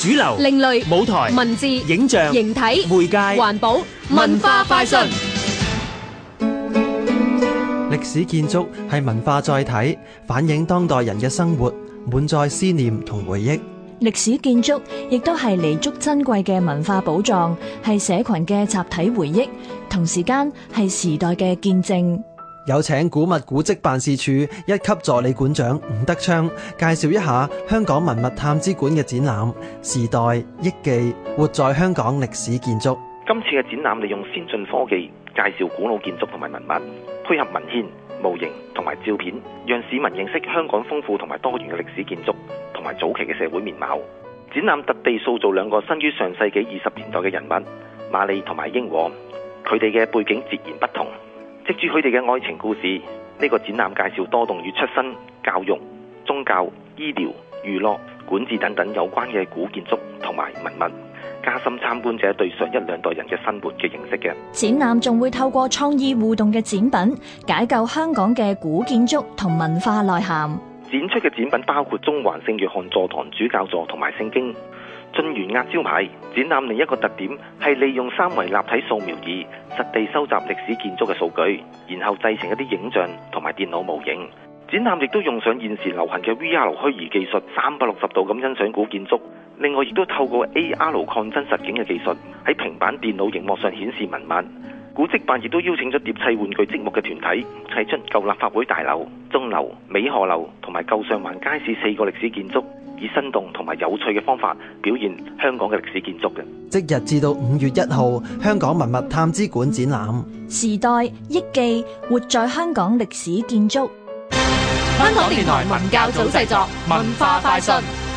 主流、另類、舞台、文字、影像、形體、媒介、環保、文化快訊。歷史建築係文化載體，反映當代人嘅生活，滿載思念同回憶。歷史建築亦都係彌足珍貴嘅文化寶藏，係社群嘅集體回憶，同時間係時代嘅見證。有請古物古蹟辦事處一級助理館長伍德昌介紹一下香港文物探知館嘅展覽《時代憶記：活在香港歷史建築》。今次嘅展覽，利用先進科技介紹古老建築同埋文物，配合文獻、模型同埋照片，讓市民認識香港豐富同埋多元嘅歷史建築同埋早期嘅社會面貌。展覽特地塑造兩個生於上世紀二十年代嘅人物瑪麗同埋英皇，佢哋嘅背景截然不同。跡住佢哋嘅愛情故事，呢、這個展覽介紹多棟與出身、教育、宗教、醫療、娛樂、管治等等有關嘅古建築同埋文物，加深參觀者對上一兩代人嘅生活嘅認識嘅。展覽仲會透過創意互動嘅展品，解構香港嘅古建築同文化內涵。展出嘅展品包括中環聖約翰座堂主教座同埋聖經。進元壓招牌，展覽另一個特點係利用三維立體掃描儀實地收集歷史建築嘅數據，然後製成一啲影像同埋電腦模型。展覽亦都用上現時流行嘅 VR 虛擬技術，三百六十度咁欣賞古建築。另外亦都透過 AR 擴增實景嘅技術喺平板電腦熒幕上顯示文物。古蹟辦亦都邀請咗疊砌玩具積木嘅團體，砌出舊立法會大樓、鐘樓、美荷樓同埋舊上環街市四個歷史建築。以生動同埋有趣嘅方法表現香港嘅歷史建築嘅，即日至到五月一號，香港文物探知館展覽《時代憶記：活在香港歷史建築》。香港電台文教組製作，文化快訊。